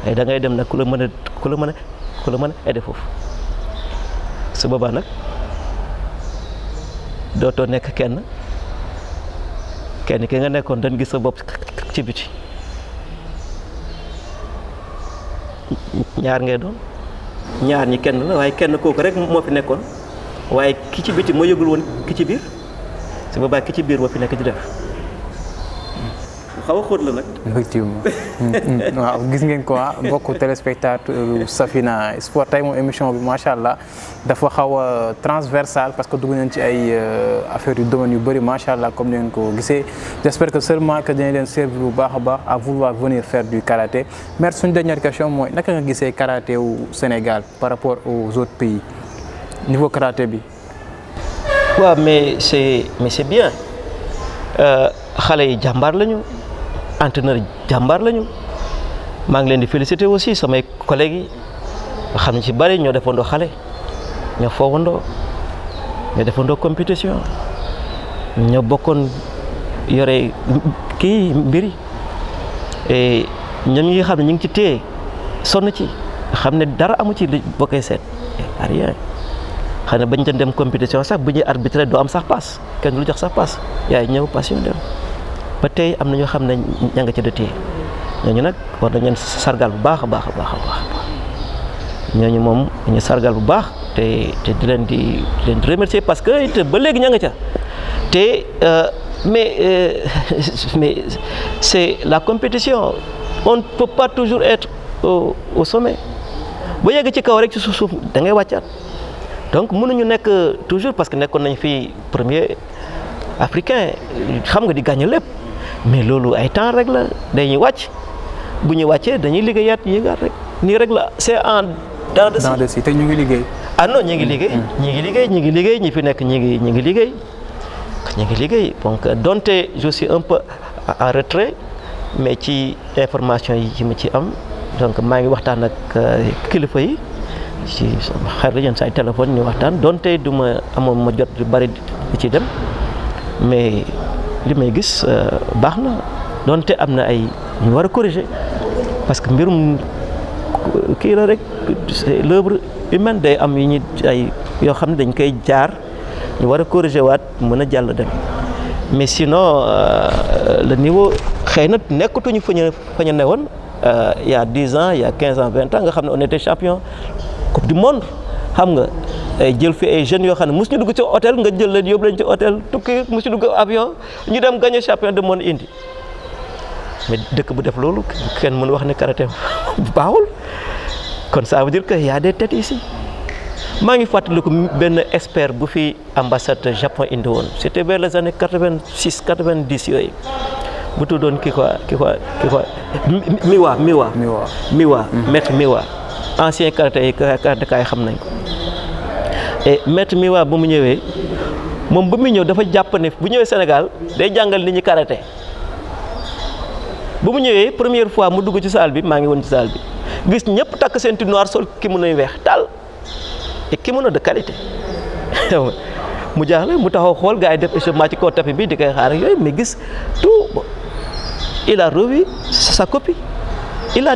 ay da ngay dem nag ku la mën a ku la mën a su boobaa nag dootoo nekk kenn kenn ki nga nekkoon dañ gis sa bopp ci biti ñaar ngay doon ñaar ñi kenn la waaye kenn kooku rek moo fi nekkoon waaye ki ci biti moo yëgul woon ki ci biir su boobaa ki ci biir moo fi nekk di def xaw a xóot la effectivement mm, mm. waaw gis ngeen ko ah mbokku téléspectateur Safina sport tey émission bi macha dafa xaw transversal parce que dugg ci ay euh, affaire du domaine yu bari machallah comme ñen ko gisee. j'espère que seulement que dañ leen servir bu baax baax à vouloir venir faire du karaté mais suñu dernière question moi. naka nga gisee karaté au Sénégal par rapport aux autres pays niveau karaté bi. waaw mais c'est mais c'est bien euh, Xalé, yi jambar lañu. entraîneur jàmbaar lañu maa ngi leen di féliciter aussi samay collègues yi nga xam ne ci bari ñoo defandoo xale ñoo foowandoo ñoo defandoo compétition ñoo bokon yore kii mbiri et ñoom ñi nga xam ne ñu ngi ci téye sonn ci xam ne dara amu ci li bokkee seet rien xam ne bañ doon dem compétition sax bu ñuy arbitré doo am sax paas kenn du jox sax paas yaay ñëw passion dem ba tey am na ñoo xam ne ña nga ca dëttee ñooñu nag war nañ leen sargal bu baax baax baax baax ñooñu moom ñu sargal bu baax te te di leen di di leen di remercier parce que it ba léegi ña ca te euh, mais euh, mais c'est la compétition on ne peut pas toujours être au, au sommet ba yegg ci kaw rek ci suuf suuf da ngay wàccaat donc mënuñu nekk toujours parce que nekkoon nañ fi premier africain xam nga di gagner lépp mais loolu ay temps rek la dañuy wàcc bu ñu wàccee dañuy liggéeyaat yéegaat rek nii rek la c'est en de si te ñu ngi liggéey. ah ñu ngi liggéey. Mm, mm. ñu ngi liggéey ñu ngi liggéey ñi fi nekk ñu ngi ñu ngi liggéey ñu ngi liggéey bonk donte je suis un peu en retrait mais ci information yi ci ma ci am donc maa ngi waxtaan ak euh, kilifa yi ci xar yenn saa téléphone ñu waxtaan donte du ma amoon ma jot lu di ci dem mais. limay gis euh, baxna donte amna ay wara corriger parce que mbirum rek l'œuvre humaine day am yi ñi ay yo xamne dañ koy jaar wara corriger wat mais sinon euh, le niveau xeyna nekkatu ñu fañu euh, il y a 10 ans il y a 15 ans 20 ans nga xamne on était champion coupe du monde xam nga jël fi ay jeunes yoo xam ne mosu ñu dugg ci hôtel nga jël leen yóbbu leen ci hôtel tukki mosu dugg avion ñu dem gagné champion du monde indi mais dëkk bu def loolu kenn mën wax ne karaté baaxul kon ça veut dire que y des têtes ici maa ngi fàttaliku benn expert bu fi ambassade japon indi woon c' vers les années 86 90 yooyu bu tuddoon ki quoi ki quoi mewah, mewah, miwa miwa mewah, miwa mhm. maître miwa ancien karaté yi karaté kaay xam nañ ko et maître Miwa ba mu ñëwee moom ba muy ñëw dafa jàpp ne bu ñëwee Sénégal day jàngal nit ñi karaté ba mu ñëwee première fois mu dugg ci salle bi maa ngi woon ci salle bi gis ñëpp takk seen tenue noire sol ki kimono yu weex taal et kimono de qualité mu jaaxle mu taxaw xool gars yi def échauffement ci kaw tapis bii di koy xaar yooyu may gis tout il a revu sa copie il a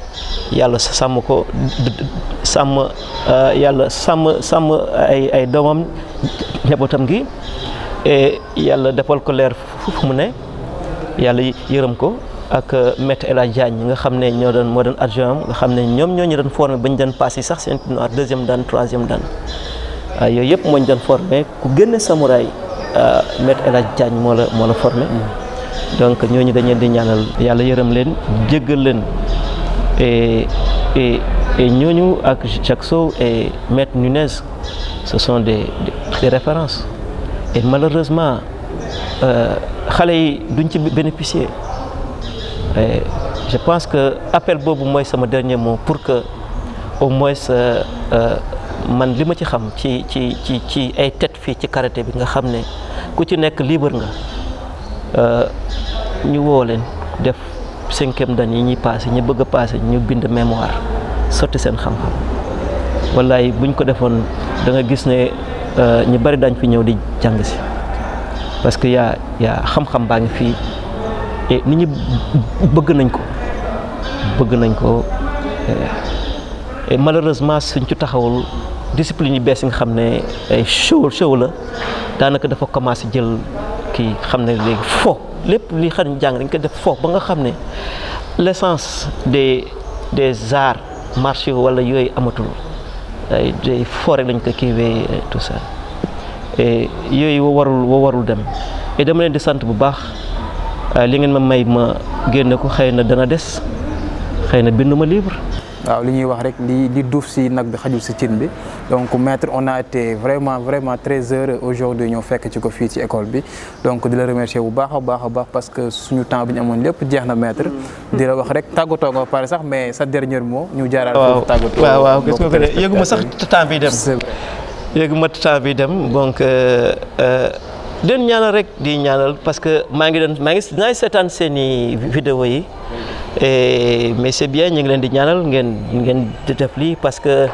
yàlla sàmm ko sàmm euh, yàlla sàmm sàmm ay ay doomam njabootam gi yàlla defal ko leer fu mu ne yàlla yërëm ko ak euh, maître El Hadj Diagne nga xam ne ñoo doon moo doon adjoint nga xam ne ñoom ñoo ñu doon formé ba ñu doon passé sax seen noir deuxième dan troisième dan waaye yooyu yëpp moo ñu doon formé ku génne samuraay euh, maître El Hadj moo la moo la formé mm. donc ñooñu dañu leen di ñaanal yàlla yërëm leen jéggal leen. Et, et, et Nyonyo Jackson et Maître Nunez, ce sont des, des, des références. Et malheureusement, euh, xale yi duñ ci bénéficier et je pense que appel boobu c'est sama dernier mot pour que au moins euh, euh, man li ma ci xam ci ci ci ci ay tête fi ci karaté bi nga xamné ne ku ci nekk libre nga ñu wo leen def. cinquième dan yi ñuy passé ñu bëgg a ñu bind mémoire sotti seen xam-xam wallaay buñ ko defoon da nga gis ne euh, ñu bari dañ fi ñëw di jàng si parce que yaa yaa xam-xam baa ngi fii et nit bëgg nañ ko bëgg nañ ko eh. et malheureusement suñ ci taxawul discipline yi bees yi nga xam ne ay show show la daanaka dafa commencé jël kii xam ne léegi fo lépp li xam jàng dañ ko def fo ba nga xam ne l'essence des des arts marché wala yooyu amatul ay day fo rek lañ ko kiiwee euh, tout ça yooyu woo warul warul dem et dama leen di sant bu baax euh, li ngeen ma may ma génne ko xëy na dana des xëy na bindu ma livre waaw li wax rek li li duuf si nag bi xajul si cin bi donc maître on a été vraiment vraiment très heureux aujourd'hui ñu fekk ci ko fi ci école bi donc di la remercier bu baaxa baaxa baax parce que suñu temps bi ñu amoon lépp jeex maître mm. di la wax rek tàggatoo nga pare sax mais sa dernier mot ñu jaaral foofu tàggatoo waaw waaw gis nga ko de yëguma sax temps bi dem yëguma temps bi dem donc euh, euh den ñaanal rek di ñaanal parce que maa ngi doon maa ngi naay seetaan seen vidéo yi mais c'est bien ñu ngi leen di ñaanal ngeen ngeen di def lii parce que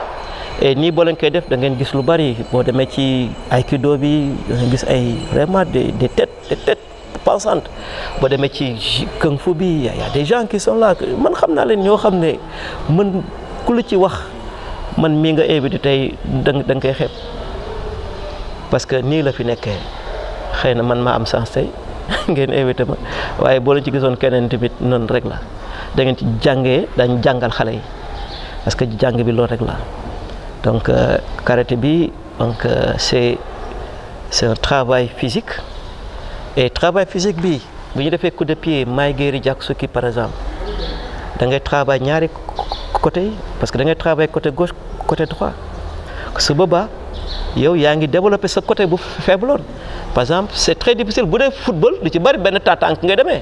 nii boo leen koy def da ngeen gis lu bari boo demee ci aikido bi da gis ay vraiment des des têtes des têtes pensantes boo demee ci kung fu des gens qui man xam naa leen ñoo xam ne man ku la ci wax man mii nga invité tey da nga koy xeeb parce que nii la fi nekkee xëy na man maa am sens tey ngeen invité ma waaye boo leen ci gisoon keneen tamit noonu rek la. da ngeen ci jàngee dañ jàngal xale yi parce que jàng bi loolu rek la donc euh, karaté bi donc euh, c'est c'est un travail physique et travail physique bi bu ñu defee coup de pied may guéri jàkk sukki par exemple da ngay travail ñaari côté parce que da ngay travail côté gauche côté droit su boobaa yow yaa ngi développé sa côté bu faible par exemple c'est très difficile bu dee football lu ci bari benn tànk nga demee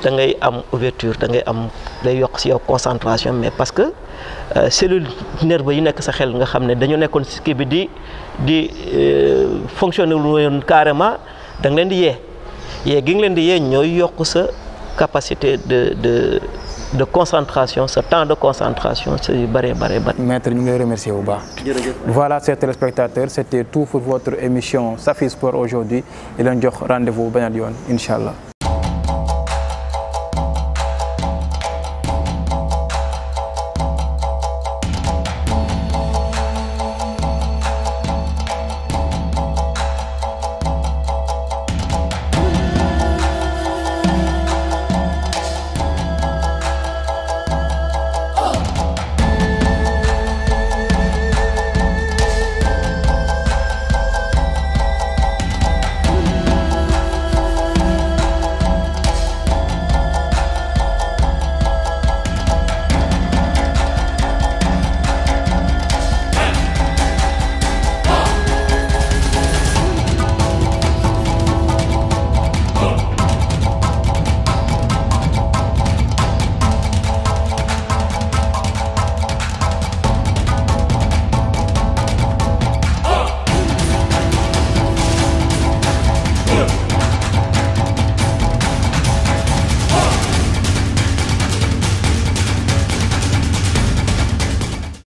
da am ouverture da am day concentration mais parce que les euh, cellules nerveuses, qui sa xel nga de ne dañu nekkoon bi di di euh, fonctionner carrément da nga leen di yee yee gi nga di capacité de de de concentration ce temps de concentration c'est yu bëree maître nous vous remercions remercier bu voilà chers téléspectateurs c'était tout pour votre émission Safi Sport aujourd'hui et leen jox rendez-vous à Bénadion, Inch'Allah.